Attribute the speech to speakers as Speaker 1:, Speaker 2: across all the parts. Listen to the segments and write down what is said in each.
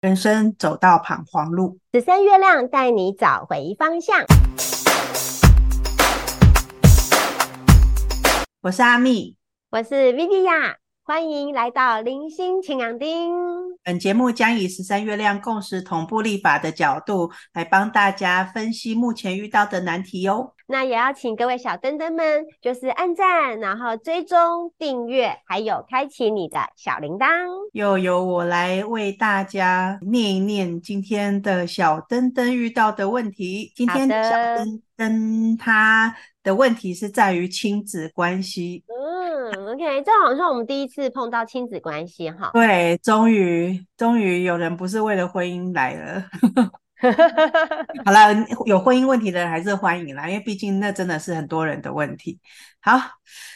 Speaker 1: 人生走到彷徨路，
Speaker 2: 十三月亮帶你找回方向。我是阿蜜，我是 Viviya。歡迎來到
Speaker 1: 人生 A 青紅燈。本節目將以十三月亮曆共時同步曆法的角度來幫大家分析目前遇到的難題哦，
Speaker 2: 那也要請各位小燈燈們，就是按讚，然後追蹤訂閱，還有開
Speaker 1: 啟你的小鈴鐺。又由我來為大家念一念今天的小燈燈遇到的問題。的今天小燈燈他。的問題是在於親子關係。
Speaker 2: 嗯，OK，這好像是我們第一次碰到親子關係哈。對，
Speaker 1: 終於，終於有人不是為了婚姻來了。 好啦，有婚姻問題的人還是歡迎啦，因為畢竟那真的是很多人的問題。好，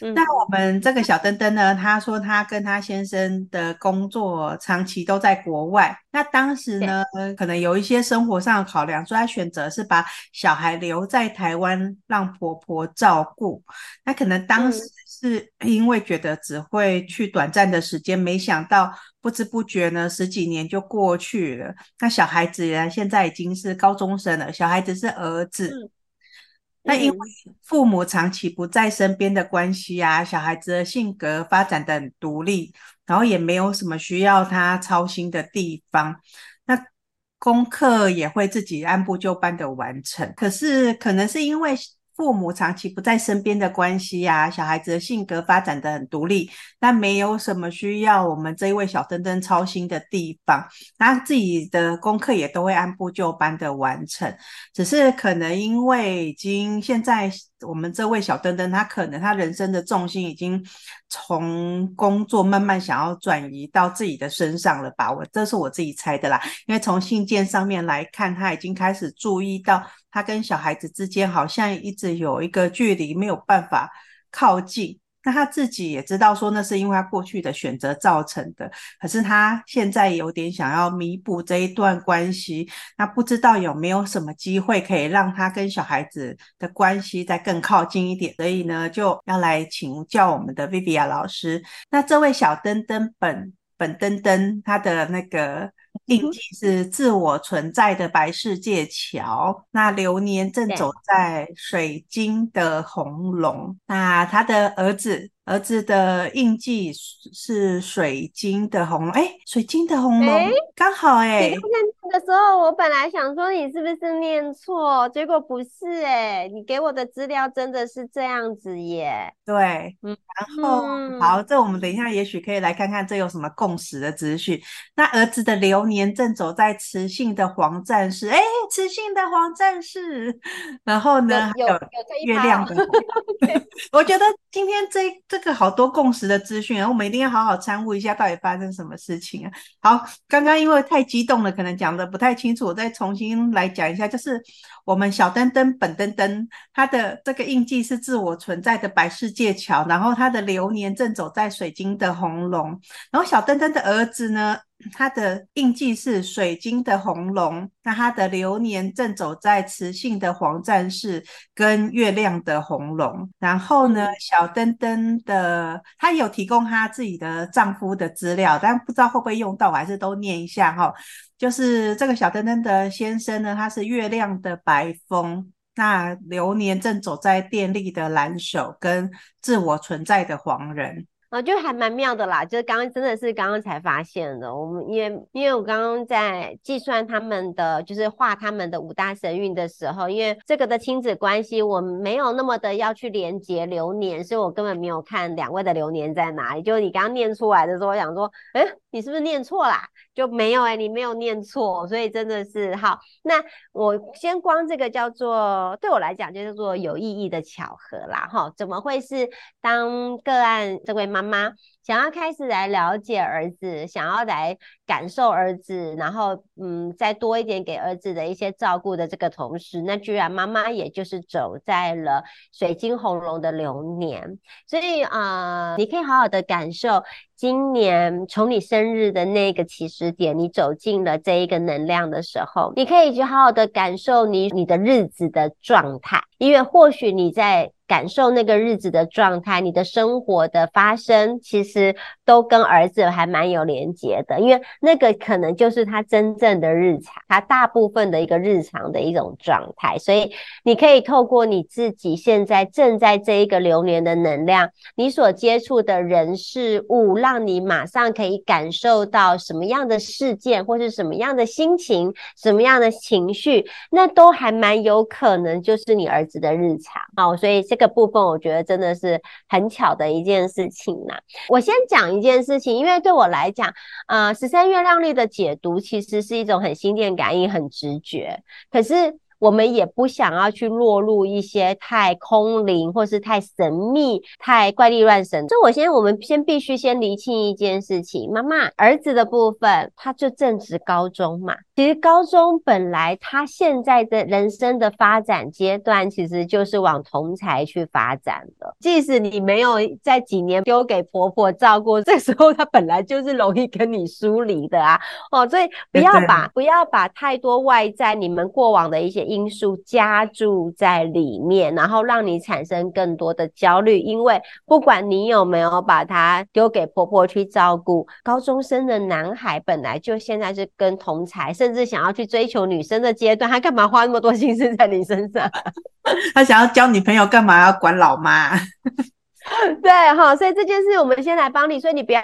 Speaker 1: 嗯，那我們這個小燈燈呢，他說他跟他先生的工作長期都在國外，那當時呢，是可能有一些生活上的考量，所以他選擇是把小孩留在台灣，讓婆婆照顧。那可能當時是因為覺得只會去短暫的時間，沒想到。不知不覺呢，十幾年就過去了。那小孩子呀現在已經是高中生了。小孩子是兒子，嗯、那因為父母長期不在身邊的關係啊，小孩子的性格發展得很獨立，然後也沒有什麼需要他操心的地方。那功課也會自己按部就班的完成。可是可能是因為。父母長期不在身邊的關係呀、啊，小孩子的性格發展得很獨立，那沒有什麼需要我們這一位小燈燈操心的地方，他自己的功課也都會按部就班的完成，只是可能因為已經現在，我們這位小燈燈，他可能他人生的重心已經從工作慢慢想要轉移到自己的身上了吧？我這是我自己猜的啦，因為從信件上面來看，他已經開始注意到他跟小孩子之間好像一直有一個距離，沒有辦法靠近。那他自己也知道說，那是因為他過去的選擇造成的。可是他現在有點想要彌補這一段關係，那不知道有沒有什麼機會可以讓他跟小孩子的關係再更靠近一點？所以呢，就要來請教我們的 Viviya 老師。那這位小登登本、本本登，登，登，他的那個。印記是自我存在的白世界橋，那流年正走在水晶的紅龍，對那他的兒子，兒子的印記是，是水晶的紅龍，哎，水晶的紅龍。誒剛好誒，哎。
Speaker 2: 之後我本來想說你是不是念錯，結果不是誒、欸，你給我的資料真的是這樣子耶。
Speaker 1: 對，嗯，然後、嗯、好，這我們等一下也許可以來看看這有什麼共時的資訊。那兒子的流年正走在磁性的黃戰士，哎、欸，磁性的黃戰士，然後呢有有,有月亮的， Okay. 我覺得今天這這個好多共時的資訊、啊、我們一定要好好參悟一下到底發生什麼事情啊。好，剛剛因為太激動了，可能講的。不太清楚，我再重新來講一下，就是我們小燈燈、本燈燈，他的這個印記是自我存在的白世界橋，然後他的流年正走在水晶的紅龍，然後小燈燈的兒子呢？他的印記是水晶的紅龍，那他的流年正走在磁性的黃戰士跟月亮的紅龍。然後呢，小燈燈的他有提供他自己的丈夫的資料，但不知道會不會用到，我還是都念一下哈、哦。就是這個小燈燈的先生呢，他是月亮的白風，那流年正走在電力的藍手跟自我存在的黃人。
Speaker 2: 啊，就還蠻妙的啦，就是剛剛真的是剛剛才發現的。我們因為因為我剛剛在計算他們的就是畫他們的五大神諭的時候，因為這個的親子關係我沒有那麼的要去連接流年，所以我根本沒有看兩位的流年在哪裡。就是你剛剛念出來的時候，我想說，哎、欸，你是不是念錯啦？就沒有哎、欸，你沒有念錯，所以真的是好。那我先光這個叫做對我來講就叫做有意義的巧合啦，哈，怎麼會是當個案這位媽。媽媽想要開始來了解兒子，想要來感受兒子，然後嗯，再多一點給兒子的一些照顧的這個同時，那居然媽媽也就是走在了水晶紅龍的流年，所以啊，呃，你可以好好的感受，今年從你生日的那個起始點，你走進了這一個能量的時候，你可以去好好的感受你你的日子的狀態，因為或許你在感受那個日子的狀態，你的生活的發生其實都跟兒子還蠻有連接的，因為那個可能就是他真正的日常，他大部分的一個日常的一種狀態，所以你可以透過你自己現在正在這一個流年的能量，你所接觸的人事物。讓你馬上可以感受到什麼樣的事件，或是什麼樣的心情、什麼樣的情緒，那都還蠻有可能就是你兒子的日常、哦、所以這個部分，我覺得真的是很巧的一件事情吶、啊。我先講一件事情，因為對我來講，呃，十三月亮曆的解讀其實是一種很心電感應、很直覺，可是。我們也不想要去落入一些太空靈，或是太神秘、太怪力亂神。所以，我先，我們先必須先釐清一件事情：媽媽兒子的部分，他就正值高中嘛。其實，高中本來他現在的人生的發展階段，其實就是往同儕去發展的。即使你沒有在幾年丟給婆婆照顧，這時候他本來就是容易跟你疏離的啊。哦，所以不要把對對不要把太多外在你們過往的一些，因素加注在裡面，然後讓你產生更多的焦慮。因為不管你有沒有把他丟給婆婆去照顧，高中生的男孩本來就現在是跟同儕，甚至想要去追求女生的階段，他幹嘛花那麼多心思在你身上？
Speaker 1: 他想要交女朋友，幹嘛要管老媽？
Speaker 2: 對哈、哦，所以這件事我們先來幫你，所以你不要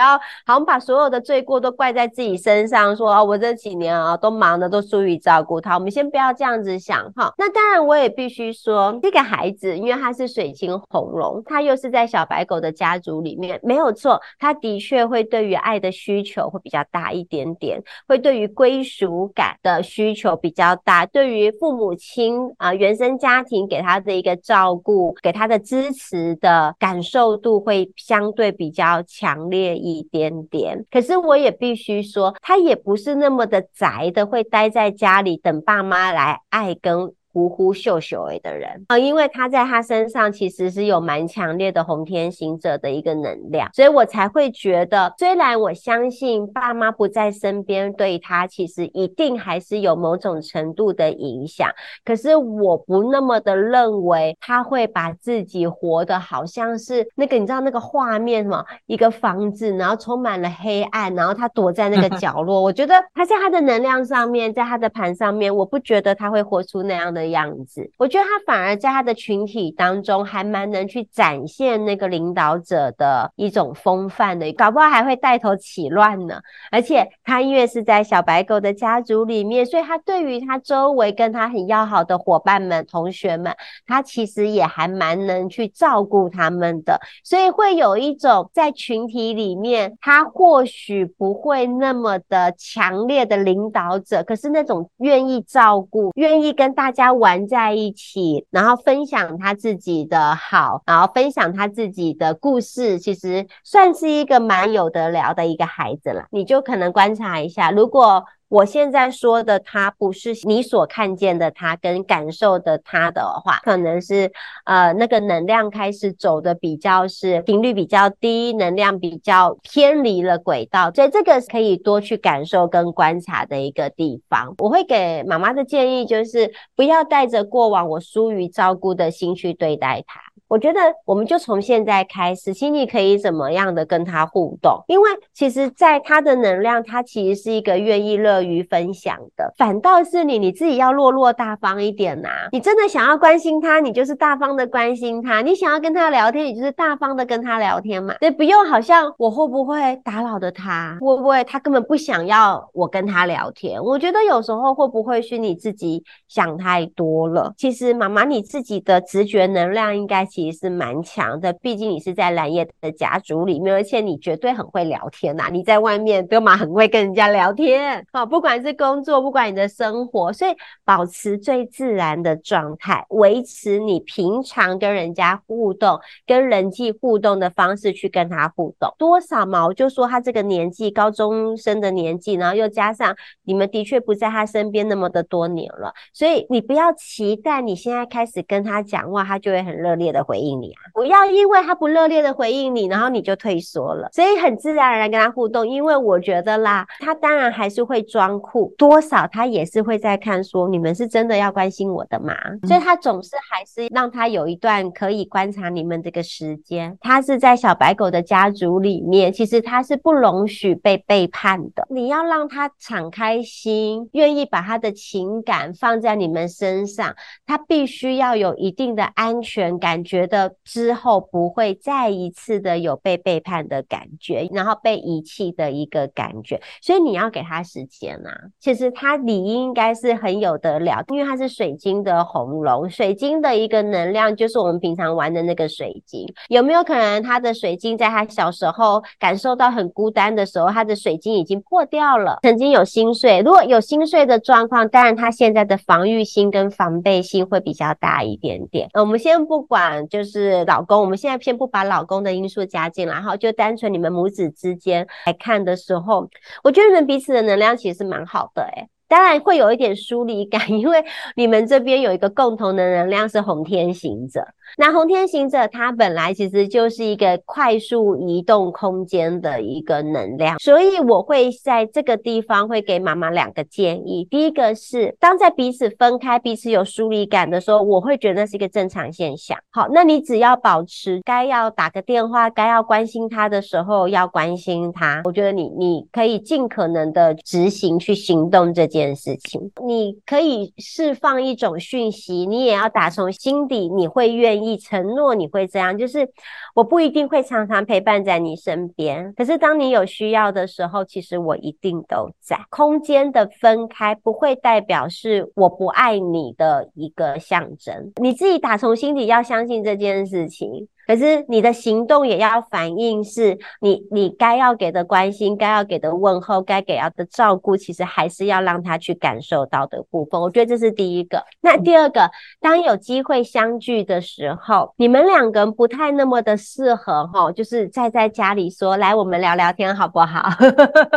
Speaker 2: 好，我們把所有的罪過都怪在自己身上，說、哦、我這幾年啊都忙的都疏於照顧他。我們先不要這樣子想哈、哦。那當然，我也必須說，這個孩子因為他是水晶紅龍，他又是在小白狗的家族裡面，沒有錯，他的確會對於愛的需求會比較大一點點，會對於歸屬感的需求比較大，對於父母親啊、呃、原生家庭給他的一個照顧、給他的支持的感受。受度會相對比較強烈一點點，可是我也必須說，他也不是那麼的宅的，會待在家裡等爸媽來愛跟呼呼秀秀誒的人啊，因為他在他身上其實是有蠻強烈的紅天行者的一個能量，所以我才會覺得，雖然我相信爸媽不在身邊，對他其實一定還是有某種程度的影響，可是我不那麼的認為他會把自己活得好像是那個你知道那個畫面嗎，一個房子，然後充滿了黑暗，然後他躲在那個角落， 我覺得他在他的能量上面，在他的盤上面，我不覺得他會活出那樣的。的樣子，我覺得他反而在他的群體當中還蠻能去展現那個領導者的一種風範的，搞不好還會帶頭起亂呢。而且他因為是在小白狗的家族裡面，所以他對於他周圍跟他很要好的夥伴們、同學們，他其實也還蠻能去照顧他們的，所以會有一種在群體裡面，他或許不會那麼的強烈的領導者，可是那種願意照顧、願意跟大家。玩在一起，然後分享他自己的好，然後分享他自己的故事，其實算是一個蠻有得聊的一個孩子了。你就可能觀察一下，如果，我現在說的他不是你所看見的他跟感受的他的話，可能是呃那個能量開始走的比較是頻率比較低，能量比較偏離了軌道，所以這個可以多去感受跟觀察的一個地方。我會給媽媽的建議就是，不要帶着過往我疏於照顧的心去對待他。我覺得我們就從現在開始，請你可以怎麼樣的跟他互動？因為其實在他的能量，他其實是一個願意樂於分享的，反倒是你你自己要落落大方一點吶、啊。你真的想要關心他，你就是大方的關心他；你想要跟他聊天，你就是大方的跟他聊天嘛。對，不用好像我會不會打擾的他？會不會他根本不想要我跟他聊天？我覺得有時候會不會是你自己想太多了？其實媽媽，你自己的直覺能量應該是。其實是蠻強的，畢竟你是在藍夜的家族裡面，而且你絕對很會聊天吶、啊。你在外面都嘛很會跟人家聊天，好、哦，不管是工作，不管你的生活，所以保持最自然的狀態，維持你平常跟人家互動、跟人際互動的方式去跟他互動。多少毛就說他這個年紀，高中生的年紀，然後又加上你們的確不在他身邊那麼的多年了，所以你不要期待你現在開始跟他講話，他就會很熱烈的。的回應你啊！不要因為他不熱烈的回應你，然後你就退縮了。所以很自然而然跟他互動，因為我覺得啦，他當然還是會裝酷，多少他也是會在看說你們是真的要關心我的嘛。所以他總是還是讓他有一段可以觀察你們這個時間。他是在小白狗的家族裡面，其實他是不容許被背叛的。你要讓他敞開心，願意把他的情感放在你們身上，他必須要有一定的安全感。覺得之後不會再一次的有被背叛的感覺，然後被遺棄的一個感覺，所以你要給他時間啊。其實他理應應該是很有得聊，因為他是水晶的紅龍，水晶的一個能量就是我們平常玩的那個水晶。有沒有可能他的水晶在他小時候感受到很孤單的時候，他的水晶已經破掉了，曾經有心碎，如果有心碎的狀況，當然他現在的防御心跟防備心會比較大一點點。我們先不管。嗯，就是老公，我們現在先不把老公的因素加進來，哈，就單純你們母子之間來看的時候，我覺得你們彼此的能量其實蠻好的、欸，誒，當然會有一點疏離感，因為你們這邊有一個共同的能量是紅天行者。那紅天行者，它本來其實就是一個快速移動空間的一個能量，所以我會在這個地方會給媽媽兩個建議。第一個是，當在彼此分開、彼此有疏離感的時候，我會覺得那是一個正常現象。好，那你只要保持該要打個電話、該要關心他的時候要關心他，我覺得你你可以盡可能的執行去行動這件事情。你可以釋放一種訊息，你也要打從心底，你會願意。以承諾你會這樣，就是我不一定會常常陪伴在你身邊，可是當你有需要的時候，其實我一定都在。空間的分開不會代表是我不愛你的一個象徵，你自己打從心底要相信這件事情。可是你的行動也要反映是你你該要給的關心、該要給的問候、該給要的照顧，其實還是要讓他去感受到的部分。我覺得這是第一個。那第二個，當有機會相聚的時候，你們兩個人不太那麼的適合哈、哦，就是再在，在家裡說來我們聊聊天好不好？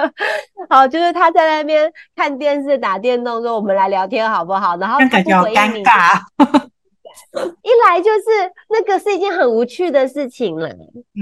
Speaker 2: 好，就是他在那邊看電視打電動，說我們來聊天好不好？然後感覺尷尬。 一來就是那個是一件很無趣的事情了，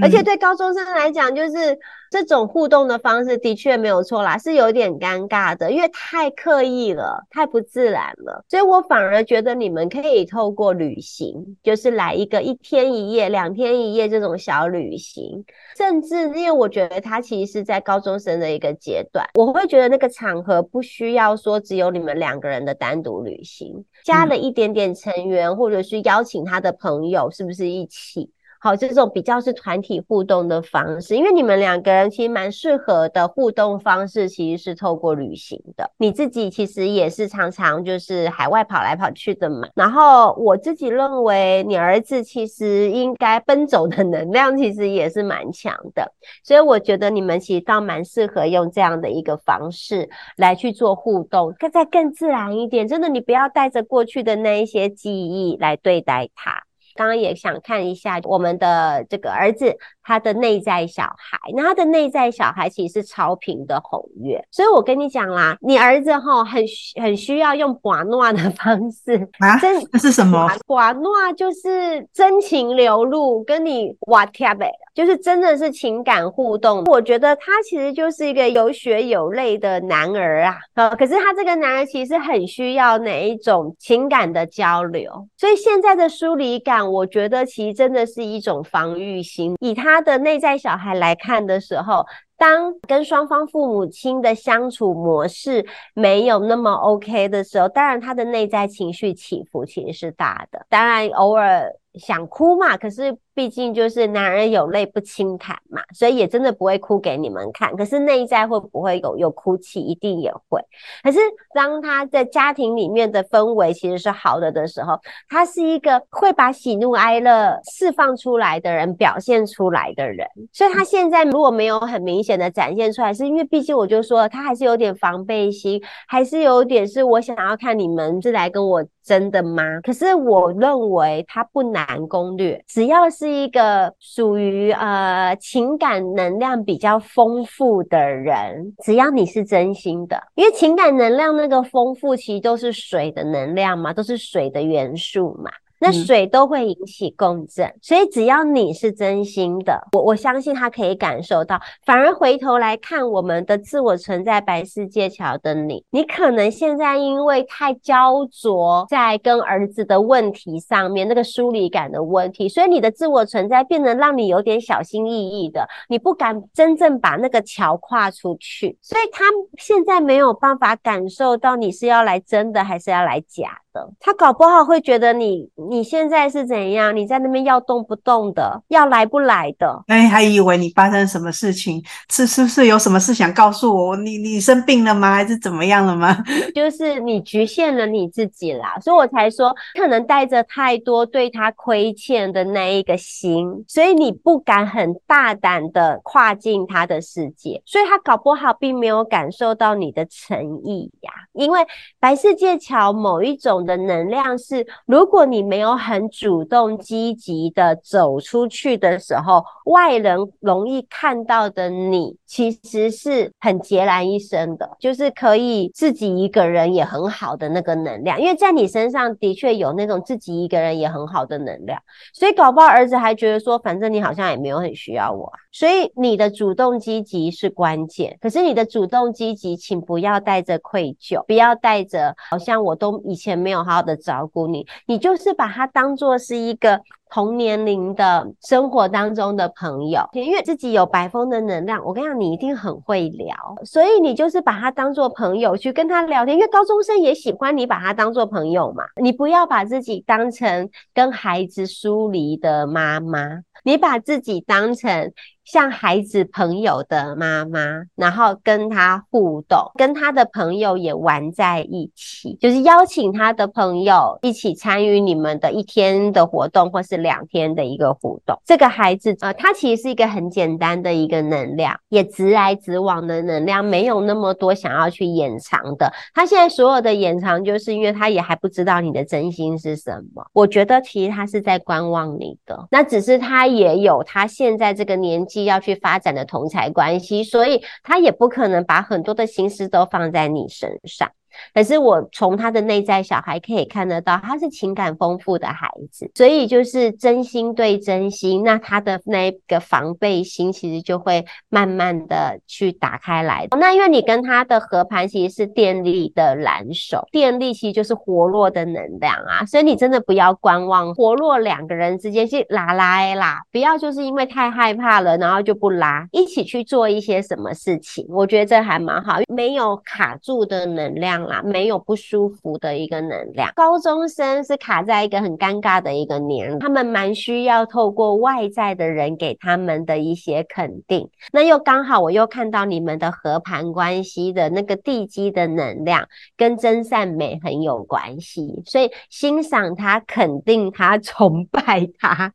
Speaker 2: 而且對高中生來講，就是這種互動的方式的確沒有錯啦，是有點尷尬的，因為太刻意了，太不自然了。所以我反而覺得你們可以透過旅行，就是來一個一天一夜、兩天一夜這種小旅行，甚至因為我覺得他其實是在高中生的一個階段，我會覺得那個場合不需要說只有你們兩個人的單獨旅行。加了一點點成員，嗯，或者是邀請他的朋友，是不是一起？好，這種比較是團體互動的方式，因為你們兩個人其實蠻適合的互動方式，其實是透過旅行的。你自己其實也是常常就是海外跑來跑去的嘛。然後我自己認為，你兒子其實應該奔走的能量其實也是蠻強的，所以我覺得你們其實倒蠻適合用這樣的一個方式來去做互動，更再更自然一點。真的，你不要帶着過去的那一些記憶來對待他。剛剛也想看一下我們的這個兒子，他的內在小孩。那他的內在小孩其實是超頻的紅月，所以我跟你講啦，你兒子吼很很需要用寡諾的方式
Speaker 1: 啊，真這是什麼？
Speaker 2: 寡諾就是真情流露，跟你哇貼唄。就是真的是情感互動，我覺得他其實就是一個有血有淚的男兒啊，啊，可是他這個男兒其實很需要哪一種情感的交流，所以現在的疏離感，我覺得其實真的是一種防御心，以他的內在小孩來看的時候。當跟雙方父母親的相處模式沒有那麼 OK 的時候，當然他的內在情緒起伏其實是大的，當然偶爾想哭嘛，可是畢竟就是男人有淚不輕彈嘛，所以也真的不會哭給你們看，可是內在會不會有有哭泣，一定也會。可是當他在家庭裡面的氛圍其實是好的的時候，他是一個會把喜怒哀樂釋放出來的人，表現出來的人，所以他現在如果沒有很明顯。展現出來，是因為畢竟我就說了，他還是有點防備心，還是有點是我想要看你們是來跟我爭的嗎？可是我認為他不難攻略，只要是一個屬於呃情感能量比較豐富的人，只要你是真心的，因為情感能量那個豐富其實都是水的能量嘛，都是水的元素嘛。那水都會引起共振，嗯，所以只要你是真心的，我我相信他可以感受到。反而回頭來看我們的自我存在白世界橋的你，你可能現在因為太焦灼在跟兒子的問題上面，那個疏離感的問題，所以你的自我存在變得讓你有點小心翼翼的，你不敢真正把那個橋跨出去，所以他現在沒有辦法感受到你是要來真的還是要來假的。他搞不好會覺得你你現在是怎樣？你在那邊要動不動的，要來
Speaker 1: 不來的？你、欸、還以為你發生什麼事情，是是不是有什麼事想告訴我？你你生病了嗎？還是怎麼樣了嗎？就
Speaker 2: 是你局限了你自己啦，所以我才說，可能帶着太多對他虧欠的那一個心，所以你不敢很大膽的跨進他的世界，所以他搞不好並沒有感受到你的誠意呀。因為白世界橋某一種。的能量是，如果你沒有很主動積極的走出去的時候，外人容易看到的你。其實是很孑然一身的，就是可以自己一個人也很好的那個能量，因為在你身上的確有那種自己一個人也很好的能量，所以搞不好兒子還覺得說，反正你好像也沒有很需要我，所以你的主動積極是關鍵，可是你的主動積極，請不要帶着愧疚，不要帶着好像我都以前沒有好好的照顧你，你就是把它當做是一個。同年齡的生活當中的朋友，因為自己有白風的能量，我跟你講，你一定很會聊，所以你就是把他當做朋友去跟他聊天，因為高中生也喜歡你把他當做朋友嘛，你不要把自己當成跟孩子疏離的媽媽，你把自己當成。像孩子朋友的媽媽，然後跟他互動，跟他的朋友也玩在一起，就是邀請他的朋友一起參與你們的一天的活動，或是兩天的一個互動。這個孩子呃，他其實是一個很簡單的一個能量，也直來直往的能量，沒有那麼多想要去掩藏的。他現在所有的掩藏，就是因為他也還不知道你的真心是什麼。我覺得其實他是在觀望你的，那只是他也有他現在這個年紀。要去發展的同儕關係，所以他也不可能把很多的心思都放在你身上。可是我從他的內在小孩可以看得到，他是情感豐富的孩子，所以就是真心對真心，那他的那個防備心其實就會慢慢的去打開來的。那因為你跟他的合盤其實是電力的藍手，電力其實就是活絡的能量啊，所以你真的不要觀望活絡兩個人之間去拉拉拉拉，不要就是因為太害怕了，然後就不拉，一起去做一些什麼事情，我覺得這還蠻好，沒有卡住的能量。沒有不舒服的一個能量。高中生是卡在一個很尷尬的一個年齡，他們蠻需要透過外在的人給他們的一些肯定。那又剛好我又看到你們的合盤關係的那個地基的能量跟真善美很有關係，所以欣賞他、肯定他、崇拜他。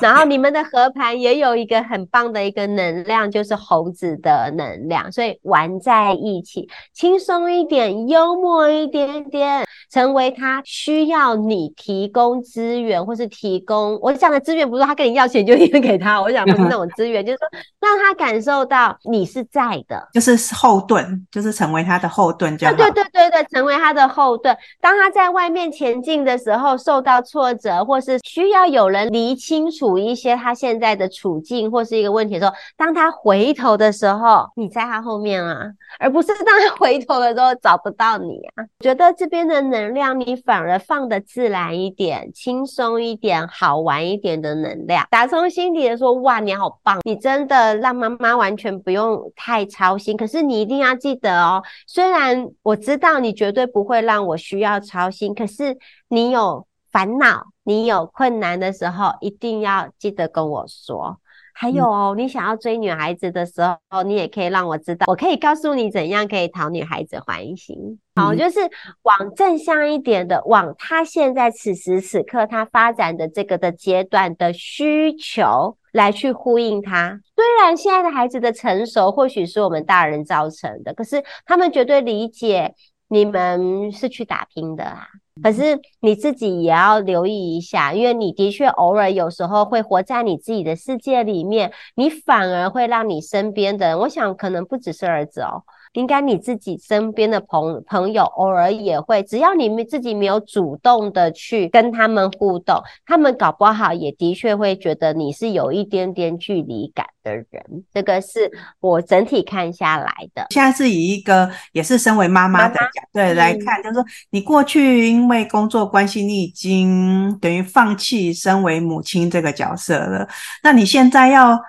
Speaker 2: 然後你們的合盤也有一個很棒的一個能量，就是猴子的能量，所以玩在一起輕鬆一點又，幽默一點點。成為他需要你提供資源，或是提供，我講的資源不是他跟你要錢就一定給他，我講不是那種資源，嗯、哼就是說讓他感受到你是在的，
Speaker 1: 就是後盾，就是成為他的後盾。對、啊、對對
Speaker 2: 對對，成為他的後盾。當他在外面前進的時候受到挫折，或是需要有人理清楚一些他現在的處境或是一個問題的時候，當他回頭的時候，你在他後面啊，而不是當他回頭的時候找不到你啊。覺得這邊的能。能量，你反而放得自然一點、輕鬆一點、好玩一點的能量，打從心底的說，哇，你好棒！你真的讓媽媽完全不用太操心。可是你一定要記得哦，雖然我知道你絕對不會讓我需要操心，可是你有煩惱、你有困難的時候，一定要記得跟我說。還有哦，嗯、你想要追女孩子的時候，你也可以讓我知道，我可以告訴你怎樣可以討女孩子歡心。好，就是往正向一點的，往他現在此時此刻他發展的這個的階段的需求來去呼應他。雖然現在的孩子的成熟或許是我們大人造成的，可是他們絕對理解你們是去打拼的啊。可是你自己也要留意一下，因為你的確偶爾有時候會活在你自己的世界裡面，你反而會讓你身邊的人，我想可能不只是兒子哦。應該你自己身邊的朋朋友，偶爾也會，只要你自己沒有主動的去跟他們互動，他們搞不好也的確會覺得你是有一點點距離感的人。這個是我整體看下來的，
Speaker 1: 現在是以一個也是身為媽媽的角度媽媽對，嗯、來看，就是說你過去因為工作關係，你已經等於放棄身為母親這個角色了，那你現在要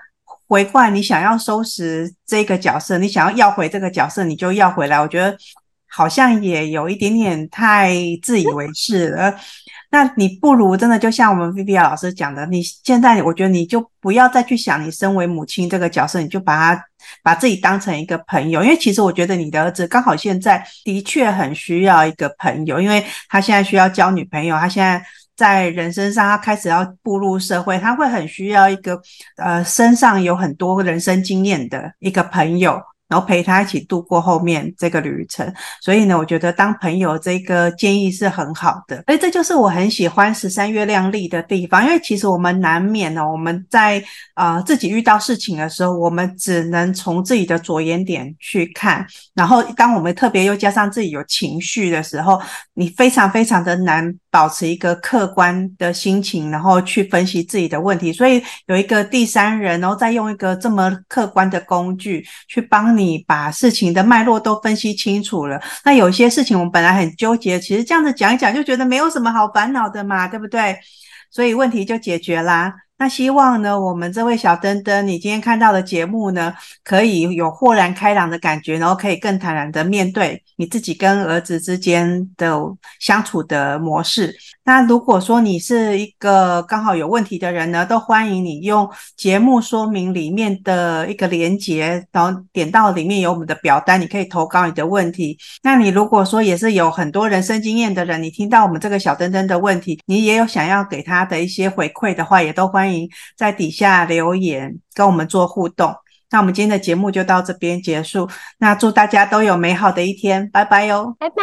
Speaker 1: 回過來，你想要收拾這個角色，你想要要回這個角色，你就要回來。我覺得好像也有一點點太自以為是了。 那你不如真的就像我們 Viviya 老師講的，你現在我覺得你就不要再去想你身為母親這個角色，你就把他把自己當成一個朋友。因為其實我覺得你的兒子剛好現在的確很需要一個朋友，因為他現在需要交女朋友，他現在。在人生上，他開始要步入社會，他會很需要一個，呃，身上有很多人生經驗的一個朋友，然後陪他一起度過後面這個旅程。所以呢，我覺得當朋友這個建議是很好的。所以這就是我很喜歡十三月亮曆的地方，因為其實我們難免呢，我們在呃自己遇到事情的時候，我們只能從自己的著眼點去看。然後，當我們特別又加上自己有情緒的時候，你非常非常的難。保持一個客觀的心情，然後去分析自己的問題，所以有一個第三人，然後再用一個這麼客觀的工具去幫你把事情的脈絡都分析清楚了。那有些事情我們本來很糾結，其實這樣子講一講，就覺得沒有什麼好煩惱的嘛，對不對？所以問題就解決啦。那希望呢，我們這位小燈燈，你今天看到的節目呢，可以有豁然開朗的感覺，然後可以更坦然的面對你自己跟兒子之間的相處的模式。那如果說你是一個剛好有問題的人呢，都歡迎你用節目說明裡面的一個連結，然後點到裡面有我們的表單，你可以投稿你的問題。那你如果說也是有很多人生經驗的人，你聽到我們這個小燈燈的問題，你也有想要給他的一些回饋的話，也都歡迎。在底下留言跟我們做互動，那我們今天的節目就到這邊結束。那祝大家都有美好的一天，拜拜喲，拜拜。